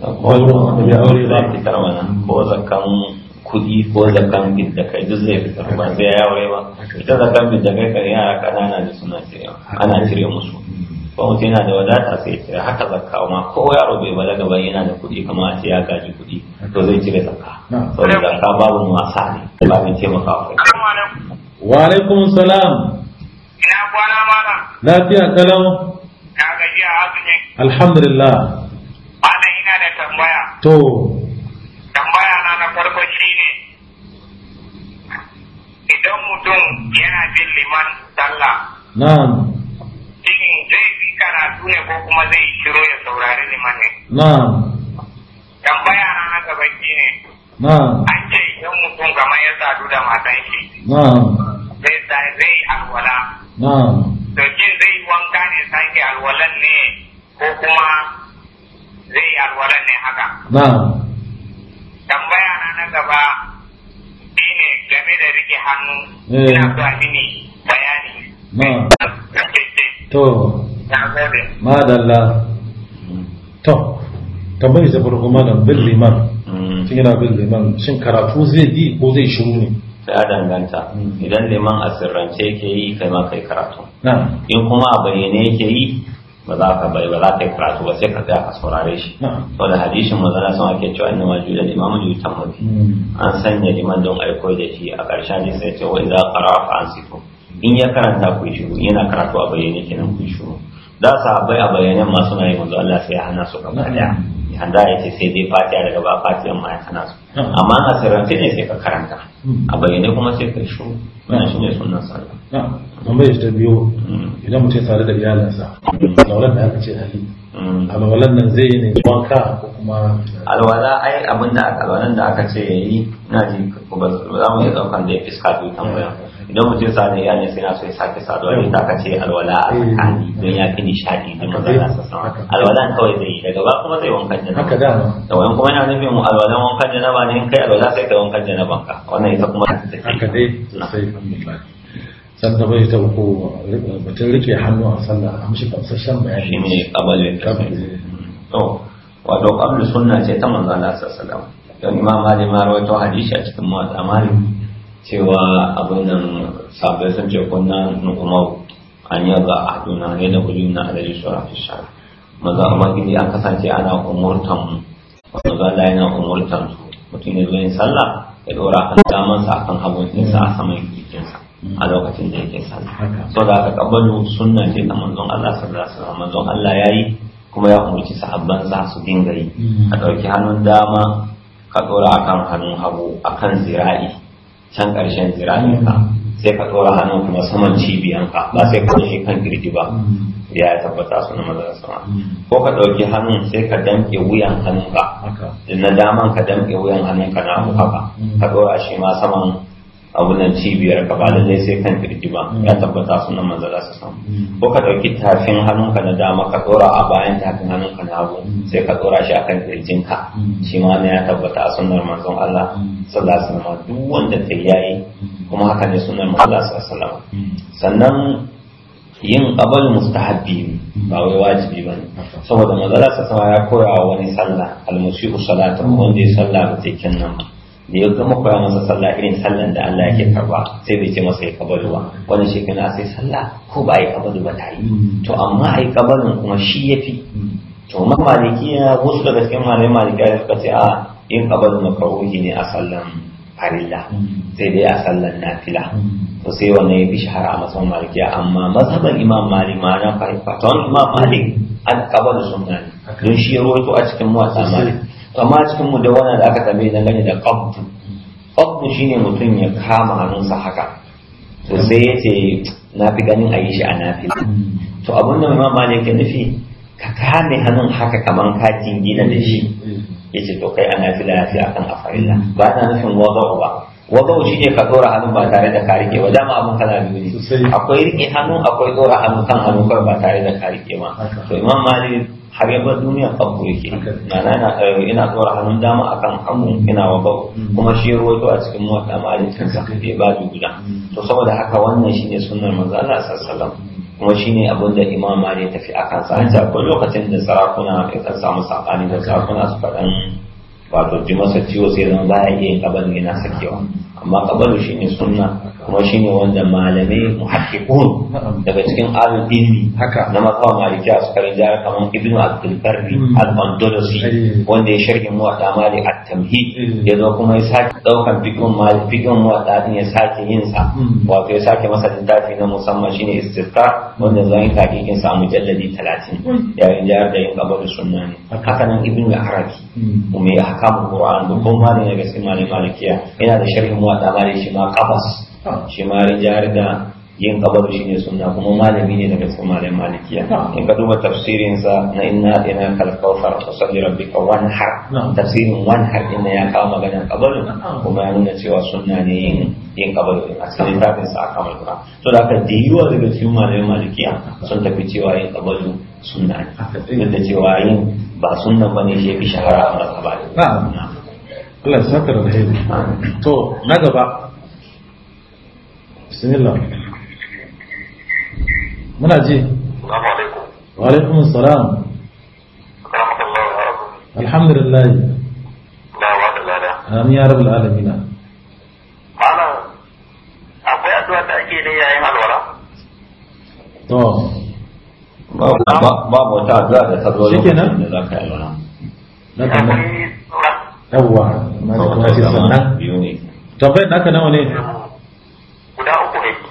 ko zakan kuɗi ko zakan bid kai duk zai fitar ba zai ya aure ba ita zakan bid da kai kan yara kanana da suna cire ana cire musu ba mutum yana da wadata sai cire haka zakka ma ko yaro bai balaga ba yana da kuɗi kama a ce ya gaji kuɗi to zai cire zakka saboda zakka babu wasa ne ba mai taimaka
wa alaikum salam ina kwana mana? lafiya kalau
ya gaji a azumi
alhamdulillah to tambaya na na farko shine idan mutum yana jin
liman sallah na'am shin zai fi karatu ne ko kuma zai shiro ya saurari liman ne na'am
tambaya na na gaba shine
na'am an
ce idan mutum kamar ya sadu da matan shi na'am zai sai zai alwala na'am to shin zai wanka ne
sake alwalan ne ko kuma zai yi alwalar ne haka tambaya na na gaba
ne game da rike hannu eh. ina so a mini bayani to madalla to tambayi ta farko da bin liman mm. shin yana bin liman shin karatu zai yi ko zai shiru ne a danganta
mm. idan liman a sirrance yake yi kai ma kai karatu in kuma a bayyane yake yi ba za ka bai ba za ka yi karatu ba sai ka tsaya ka saurare shi to da hadisin manzana sun ake cewa inna ma da limamu juya tamaki hmm. an sanya liman don aiko da shi a karshen ne sai ce wa idza qara'a fa ansitu in ya karanta ku shiru yana karatu a bayyane kenan ku shiru da sahabbai a bayyane masu na yi manzo Allah sai ya hana su gaba daya hmm. an za ce sai dai fatiya daga ba fatiyan ma kana su hmm. amma a sirrance ne sai ka karanta hmm. a bayyane kuma sai ka shi wannan shine sunan sallah mun
hmm. bai ta biyo idan mutum tare da iyalinsa da wannan da aka ce hali Mm. alwalan nan zai yi ne wanka ko kuma alwala
ai abin da aka alwalan da aka ce ya yi na ji ko ba za mu iya daukan da ya fiska to tambaya idan mutum sa da iyali sai na so ya sake saduwa ne da aka ce alwala a eh. tsakani don ya fi nishadi da maza na sassan alwalan kawai zai yi daga ba kuma zai wankan jana haka da da wani kuma yana nufin alwalan wankan jana ba ne in kai alwala sai kai wankan jana banka wannan ita kuma haka dai
sosai alhamdulillah sannan bai ta uku mutum rike hannu a sannan a mashi kamsashen bayani
shi ne kabalin to oh, wato kablu sunna ce ta manzan Allah salam don imam malik ma rawaito hadisi a cikin muwatta malik cewa abin nan sabbin sun ce kunna nukumau an yi ga ahduna ne da hujuna na dalilin shura fi shara maza amma gidi an kasance ana umurtan mu maza Allah yana umurtan mutum ne zo yin sallah ya dora kan damansa akan hagun sa a saman kikinsa a lokacin da yake sallah so da aka kabbalu sunnan ce da manzon Allah sallallahu alaihi wasallam manzon Allah yayi kuma ya umarci sahabban za su dinga yi mm-hmm. a dauki hannun dama ka dora akan hannun hagu akan zira'i can karshen zira'in ka mm-hmm. sai ka dora hannun kuma saman cibiyan ka ba sai ka yi kan girgi ba mm-hmm. ya tabbata su na mazan sama ko ka ɗauki hannun sai ka damƙe wuyan ka na daman ka damƙe wuyan hannun ka na haka ka ɗora shi ma saman abun nan cibiyar ka ba lallai sai kan kirji ba ya tabbata sunan manzo za su ko ka dauki tafin hannunka na dama ka dora a bayan tafin hannunka na hagu sai ka dora shi akan kirjin ka shi ma ne ya tabbata a sunan manzon Allah sallallahu alaihi wasallam duk wanda ta yayi kuma haka ne sunan manzo sallallahu alaihi wasallam sannan yin qabal mustahabbi ba wai wajibi ba ne saboda manzala sa sama ya koya wa wani sallah almusiu salatan wanda ya sallah ba sai nan ba da ya gama koya masa sallah irin sallan da Allah yake karba sai bai ce masa ya kabaru ba wannan shi na sai sallah ko ba ya kabaru ba ta yi mm. to amma ai kabarin kuma shi fi mm. to ma malikiya wasu daga cikin malamai malikiya suka ce a yin kabarin makaruhi ne a sallan farilla mm. sai dai a sallan nafila to sai wannan ya fi shahara a masan malikiya amma mazhaban imam malik ma na fahimta ta wani imam malik an kabarin sunna ne don shi ya rawaito a cikin mawasa malik amma cikin mu da wannan da aka tambaye dangane da qabdu qabdu shine mutum ya kama hannunsa haka to sai yace na fi ganin a yi shi a nafi to abin da mamma ne ke nufi ka kame hannun haka kamar ka jingina da shi yace to kai a fi akan a farilla ba ta nufin wazo ba wadau shi ne ka dora hannu ba tare da ka ba dama abun kana biyu ne akwai rike hannu akwai dora hannu kan hannu kawai ba tare da ka ma to imam mali har yaba duniya kan ku yake ma'ana ina dora eh, hannun dama akan hannu ina wadau mm. kuma shi ruwaito a cikin mota mali kan sa bai ba guda mm. to saboda haka wannan shine sunnar manzo Allah sallallahu alaihi kuma shine abin da imam mali tafi akan sa akwai lokacin da sarakuna kan samu sakani da sarakuna su faɗan wato ji ciwo sai zan ba ya iya kabarin yana sakewa amma kabarin shi ne sunna kuma ne wanda malamai muhakkikun daga cikin alul ilmi haka na mazhab malikiya suka rinja kamar ibnu al barri hmm. al-andalusi wanda ya sharhi muwadda mali a tamhi. ya zo kuma ya sake daukan fiqhun mali fiqhun muwadda ya sake yin sa hmm. wato ya sake masa littafi na musamman shine istisqa wanda zan yi takikin sa mujalladi talatin. Hmm. ya jihar da yin kabar sunna ne haka nan ibnu al-arabi kuma ya hakamu qur'an da kuma ne daga cikin malikiya yana da sharhi muwadda mali shi ma kafas. shi ma rinjayar da yin kabaru shi ne suna kuma malami ne daga cikin malamin malikiya in ka duba tafsirinsa na inna ina sabbin rabbi ka wan har tafsirin wan har ina ya kawo magana kabaru kuma ya nuna cewa suna ne yin yin kabaru a cikin tafin sa aka kura to da aka diyuwa daga cikin malamin malikiya sun tafi cewa yin kabaru suna ne duk da cewa yin ba sunna bane shi fi shahara a mazhabali
Allah ya saka da to na gaba bismillah muna ji assalamu alaikum wa alaikum alhamdulillah amin ya rabbal alamin
akwai addu'a da ake ne yayin
to
da ta zo shikenan yi na kuma
yawwa
na ji sannan
tabbai naka nawa ne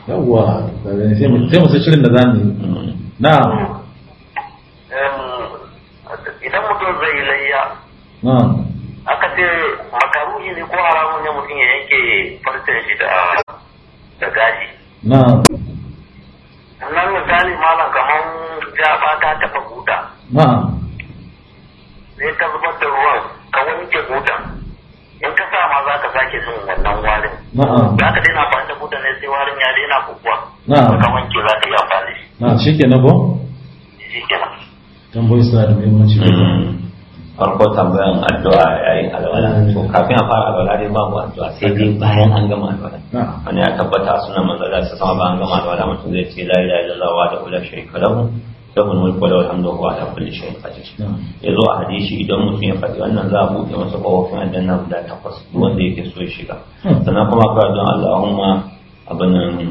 yawwa sai mu sai shirin da zamu yi na
idan mutum zai layya
aka ce makaruhi ne ko haramun ne mutum ya yanke farcen shi da gashi na nan misali malam kamar
jaba ta tafa guda na sai ta zubar da ruwan ka wanke gudan in ka sa ma za ka sake sun wannan warin za ka daina
amfani da kudane ne
sai warin ya daina kukuwa
ka wanke za ka yi amfani na shi ke na ko shi ke na tambayi suna da muhimmanci hmm.
farko tambayan addu'a yayin alwala to kafin a fara alwala dai babu addu'a sai dai bayan an gama alwala wani ya tabbata suna manzala su sama bayan gama alwala mutum zai ce la ilaha illallah wa da ula sharika lahu lahul mulku wa lahul hamdu wa ala kulli shay'in qadir zo a hadisi idan mutum ya faɗi wannan za a buɗe masa kofofin aljanna guda takwas wanda yake so ya shiga hmm. sannan kuma akwai don Allahumma abin eh,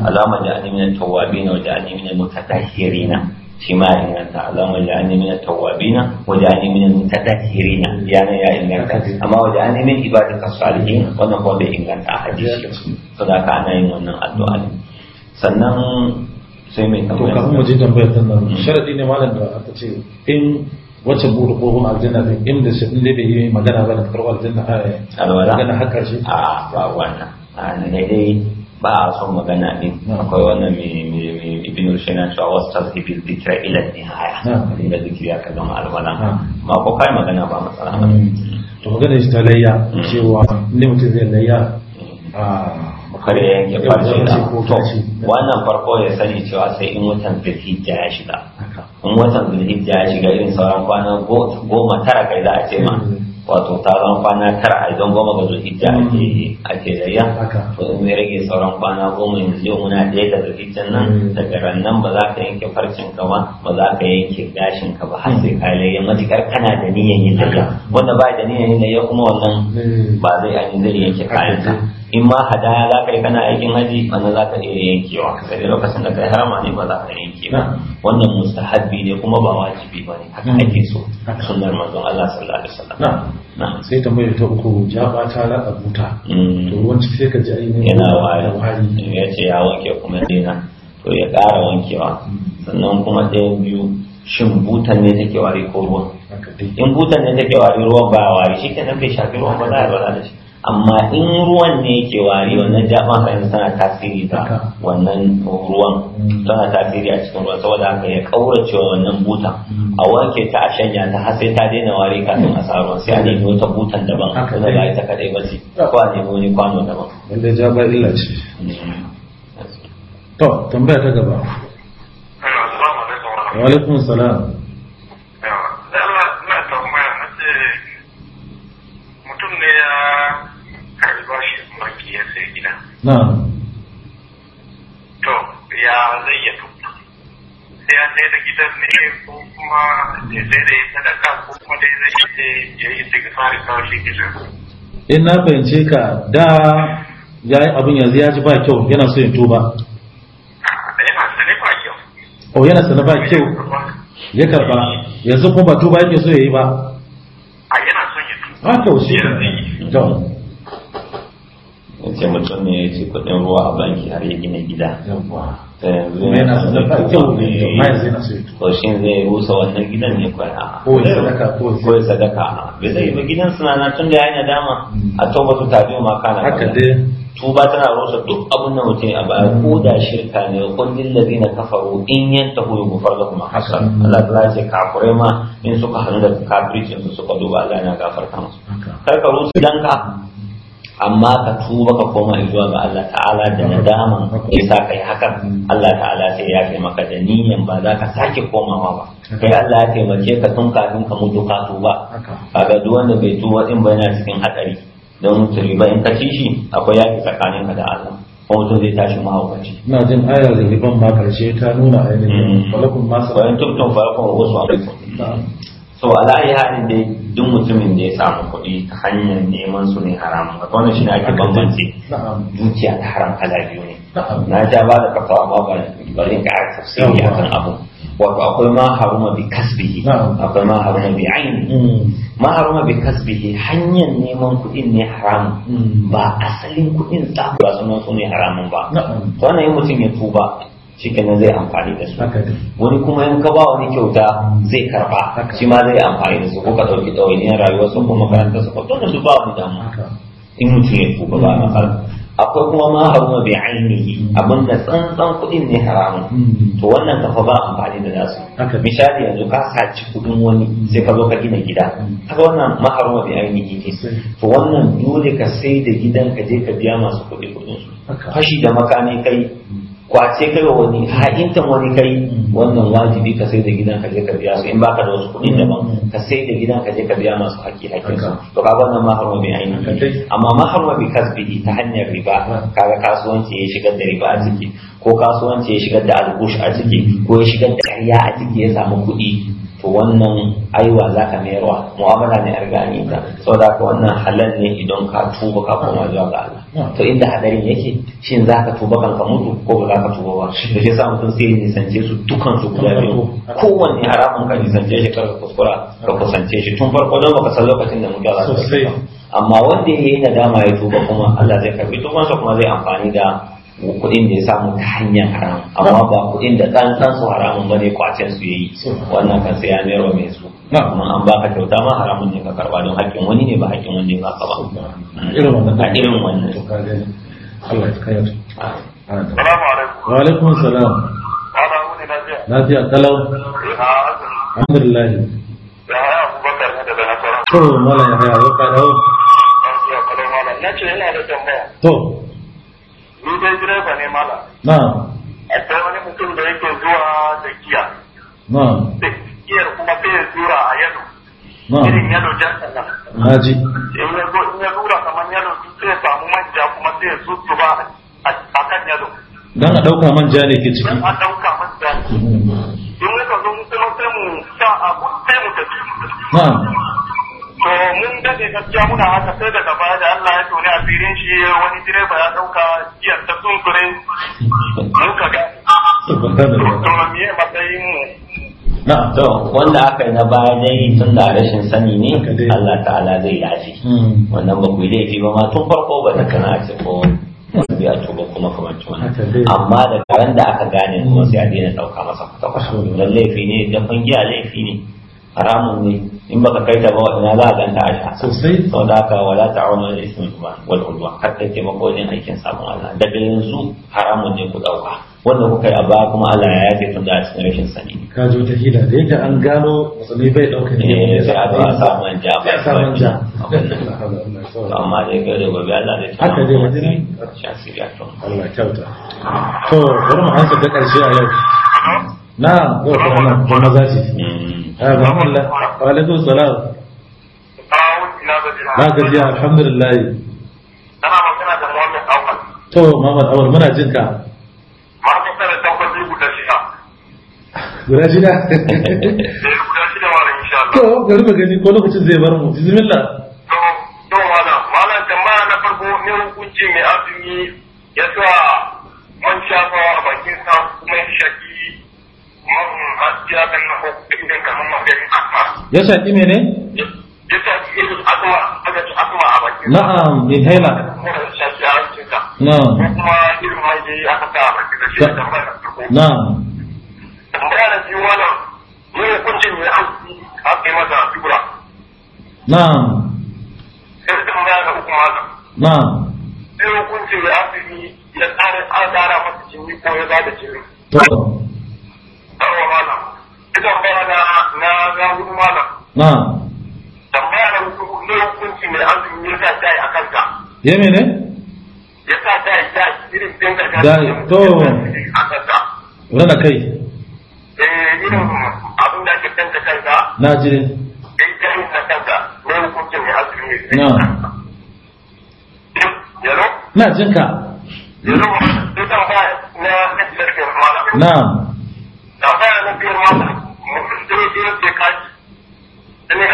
alama da ni min tawabin wa da ni min mutatahhirina shi ma ya inganta Allahumma ja'alni min at-tawwabin wa ja'alni min al-mutatahhirin ya ne ya inganta amma wa ja'alni min ibadika salihin wannan ko bai inganta hadisi to da ka ana yin wannan addu'a sannan sai mai tambaya to kafin mu je tambayar nan
sharadi ne malam da aka ce in wacce buru ko kuma aljanna din inda su inda bai yi magana ba da karɓar aljanna a magana haka shi a ba wannan a ne dai ba a son magana
din akwai wannan mai ibn rushd yana cewa wastazhi bil dhikra ila nihaya da zikiri ka zama alwala ma ko kai magana ba matsala ba
to magana shi ta layya cewa ne mutum zai layya
a kare yanke farce da to wannan farko ya sani cewa sai in watan zulhijja ya shiga in watan zulhijja ya shiga irin sauran kwana goma tara kai za a ce ma hmm. wato taron kwana tara a idan goma ga zulhijja hmm. ake ake layya to in ya rage sauran kwana goma yanzu yau muna ɗaya da zulhijjan nan hmm. daga rannan ba za ka yanke farcin ka ba ba za ka yanke gashin ka ba har sai ka matukar kana da niyan yin layya wanda ba da niyan yin layya kuma wannan hmm. ba zai an zai yanke kayan in ma hadaya za ka yi kana aikin haji wanda za ka iya yankewa sai lokacin da ka harama ne ba za ka yanke ba wannan mustahabbi ne kuma ba wajibi ba ne haka hmm. ake so sunnar manzon Allah sallallahu alaihi wasallam na
sai mai ta uku ba ta rada buta hmm. to wanci sai ka ji ainihin yana
wani ya ce ya wanke kuma dena to ya ƙara wankewa hmm. sannan kuma ɗayan biyu shin butan ne take wari ko ruwan in butan ne take wari ruwan ba wari shi kenan bai shafi ruwan ba za a za da shi amma in ruwan ne yake wari wannan ka kan tana tasiri ta wannan ruwan mm. tana tasiri a cikin ruwan saboda haka ya kaurace wannan butan mm. a wanke ta a shanya ta har sai ta daina wari kafin a sa ruwan sai a nemi wata butan daban wanda ba ita kadai ba ce ko a nemi wani kwano daban
wanda ja ba illa ce mm. to tambaya ta gaba wa alaikum salam
na to ya zai ya sai ya sai da gidan ne ko kuma ya sai da sadaka ko kuma dai zai ya yi fara kawo shi gidan
in na fahimce ka da ya yi abin yanzu ya ji ba kyau yana so ya tuba o yana sana ba kyau oh, ya karba yanzu kuma ba tuba yake so ya yi ba a yana son ya tuba a kyau shi ne
ce mutum ne ya ce kudin ruwa a banki har ya gina gida Ko shi zai rusa wannan gidan ne kwaya ko ya sadaka bai zai ba gidan suna na tun da ya yana dama mm. a tauba su tabi ma kana haka tuba tana rusa duk abin da mutum a baya mm. ko da shirka ne kullin ladina kafaru in yantahu yughfar kuma hasan Allah ta ce kafirai ma in suka hanu da kafircin su suka duba Allah gafarka gafarta musu kar ka rusa danka amma ka tuba ka koma zuwa ga Allah ta'ala da nadama yasa kai hakan Allah ta'ala sai ya kai maka da niyan ba za ka sake komawa ba kai Allah ya taimake ka tun kafin ka mutu ka tuba kaga duk wanda bai tuba din ba yana cikin hatsari don ba in ka ci shi akwai yaki tsakaninka da Allah mutum zai tashi mahaukaci.
Ina jin ayar liban ma karshe ta nuna ainihin mm. falakun
masu. Bayan tuntun falakun wasu alaikum. so ala ya haɗin dai duk mutumin da ya samu kuɗi ta hanyar neman su ne haramun ga wannan shi ne ake bambance dukiya ta haram ala biyu ne na ja ba da kafa amma bari ka aka tafsiri akan abu wato akwai ma haruma bi kasbihi akwai ma haruma bi aini mm. ma haruma bi kasbihi hanyar neman kuɗin ne haramun mm. ba asalin kuɗin tsakura sunan su ne haramun ba to wannan mutum ya tuba shikenan zai amfani da su wani kuma in ka ba wani kyauta zai karba shi ma zai amfani da su ko ka dauki ɗawainiyar rayuwar su kuma makaranta su ko tunda su ba wani damu in mutum ya tuba ba har mm. akwai kuma ma haruma bai ainihi mm. abin da tsantsan kuɗin ne haramun mm. to wannan kafa ba amfani da nasu misali yanzu ka saci kuɗin wani sai ka zo ka gina gida haka wannan ma haruma bai ainihi ne to wannan dole ka sai da gidan ka je ka biya masu kuɗi kuɗin su fashi da makami kai kwace kai wa wani ha'intan wani kai wannan wajibi ka sai da gidan ka je ka biya su in baka da wasu kuɗin ban ka sai da gidan ka je ka biya masu haƙi haƙi to kaga wannan maharma bai aini amma maharma bi kasbihi ta hanyar riba kaga kasuwanci ya shigar da riba a ciki ko kasuwanci ya shigar da albush a ciki ko ya shigar da ƙarya a ciki ya samu kuɗi to wannan aiwa za ka mayarwa mu'amala ne a gani ta saboda ka wannan halal ne idan ka tuba ka koma zuwa ga Allah to inda hadarin yake shin za ka tuba kanka mutu ko ba za ka tuba ba da shi sa mutum sai ya nisance su dukan su guda biyu kowanne haramun ka nisance shi kar ka kuskura ka kusance shi tun farko don baka san lokacin da mutum za ka amma wanda ya yi nadama ya tuba kuma Allah zai karbi tubansa kuma zai amfani da kuɗin da ya samu ta hanyar haram amma ba kuɗin da ɗan su haramun bane kwacen su yayi wannan kan sai ya mero mai su kuma an baka kyauta ma haramun ne ka karba don haƙƙin wani ne ba haƙƙin wani ne ba ka ba
irin wannan irin wannan Allah ya kayar Assalamu alaikum wa alaikum assalam
ana wuni lafiya lafiya kalau eh, alhamdulillah ya haya abubakar ne daga nasara to mala ya
haya ka
dawo lafiya kalau mala nace yana da tambaya to ni dai direba ne mala na'am akwai wani mutum da yake zuwa da giya na'am da giyar kuma sai ya zura a yano
irin yano jan na ji eh, ya zo in ya zura kamar yano sai samu manja kuma sai ya a kan yano
dan a manja ne ke ciki dan
a dauka manja in ya zo mu kuma sai mu sa a sai mu tafi na'am to mun dade gaskiya muna haka sai daga baya da Allah ya tone firin shi wani
direba ya dauka giyar ta tsunkure muka ga to me matsayin mu na to wanda aka yi na baya dai tun da rashin sani ne Allah ta'ala zai yafi hmm. wannan ba ku laifi ba ma tun farko ba ta kana ce ko Ya a tuba kuma kamar wannan amma da karan da aka gane kuma sai a daina dauka masa kwata-kwata hmm. fi ne da fangiya laifi ne haramun ne in baka kai ta ba ina za a ganta a sha sosai sau da haka wala ta'awunu da ismin kuma wal udwa har kai taimako wajen aikin sabon Allah daga yanzu haramun ne ku dauka wanda kuka yi a baya kuma Allah ya yafe tun da a cikin rashin sani
ka zo wata hila da yadda an gano musulmi bai dauka ne eh sai a zo a sa manja ba sa manja
amma dai ga da gobe Allah zai ta haka dai wajeni shafi ya to Allah ya kyauta
to bari mu hanka da karshe a yau na ko kuma na ko na zaci
wa
alaikum salam ba gajiya alhamdulillah ana magana da Muhammad Awal Awal muna jin ka masu tsara tabbatar guda shida guda shida eh, guda insha Allah to gari ba gani ko lokacin zai bar mu bismillah to
to wala wala jama'a na farko ne hukunci mai azumi ya sa man shafa
ya shaƙi mene?
na'am bin haila na'am na'am
na'am na'am sai
hukuncin ya fi ya tsara masa jini ko ya zada jini. Tawa. Tawa malam. ji tambaya na na na hudu malam na tambaya na hudu ne hukunci mai azumi ne sa dai akan ka ya mene ya sa dai dai irin da ka dai
to rana kai
eh irin abin da ake
tanka kanka na ji eh kai na. tanka
na hukunci mai azumi
na yalo na jinka
yalo na tambaya na na tambaya na biyar malam sai kaji da ne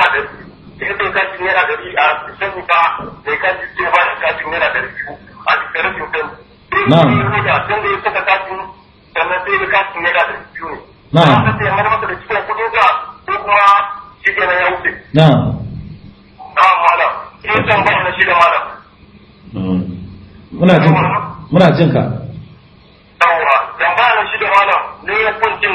ya kaji a sani ka kaji ce ba kaji a cikin kan na'am da kaji sannan sai kaji na'am sai ya masa da cikin ko kuma shi ya wuce na'am na'am shi da
muna jin muna jin ka
shi da ne hukuncin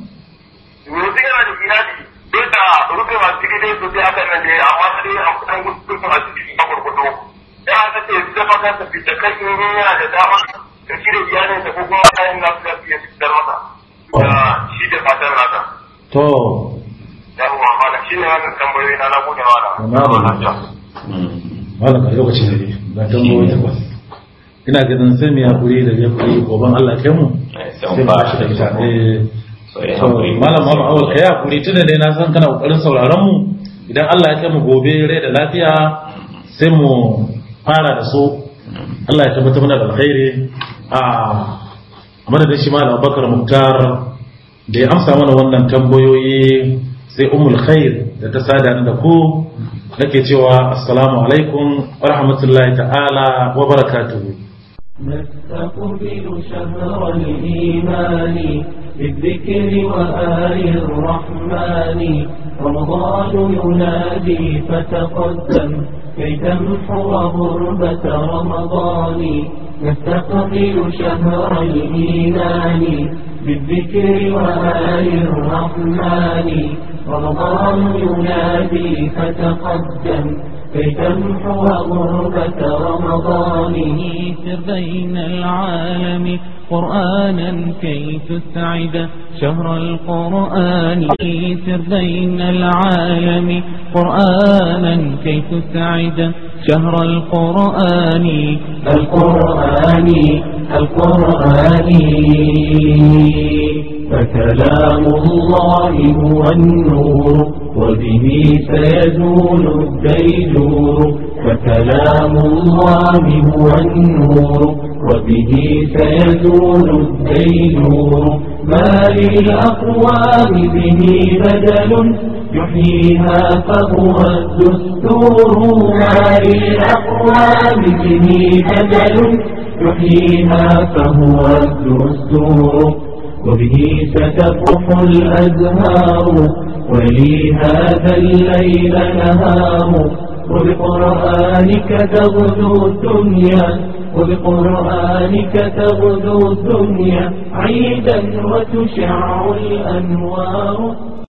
daidai su sai aka nan da amma sai a kuɗin gudun a cikin na ya aka ce zama za ta fita kai in yana da dama ka shi da iyalin ta ko kuma kayan na su zafi ya fitar masa shi da fatan nasa. To. Yawwa mana shi ne wannan tambayoyi na na gode Na ba
Malam a lokacin da ne ba tambayoyi ta ba. Ina ganin sai mu ya da ya kuri goban Allah kai eh, Sai ba shi da ita. Eh, Oh, malam mamu ka ya kuri dai na san kana kokarin sauraron mu idan Allah ya kai mu gobe rai da lafiya sai mu fara da su Allah ya tabbata muna da alkhairi a da shi malam bakar Muktar da ya amsa mana wannan tambayoyi sai umul khair da ta sada ni da ku nake cewa assalamu alaikum wa rahmatullahi ta'ala wa barakatuhu
نستقبل شهر بالذكر وآل الرحمن رمضان ينادي فتقدم كي تمحو غربة رمضان نستقبل شهر الإيمان بالذكر وآل الرحمن رمضان ينادي فتقدم كي تمحو غربة رمضان سر بين العالم قرآنا كي تسعد شهر القرآن سر بين العالم قرآنا كي تسعد شهر القرآن القرآن القرآن فكلام الله هو النور وبه سيزول الديجور فكلام الله هو النور وبه سيزول الدينور ما للأقوام به بدل يحييها فهو الدستور ما للأقوام به بدل يحييها فهو الدستور وبه ستفرح الأزهار ولي هذا الليل نهار وبقرآنك تغدو الدنيا وبقرآنك تغدو
الدنيا عيدا وتشع الأنوار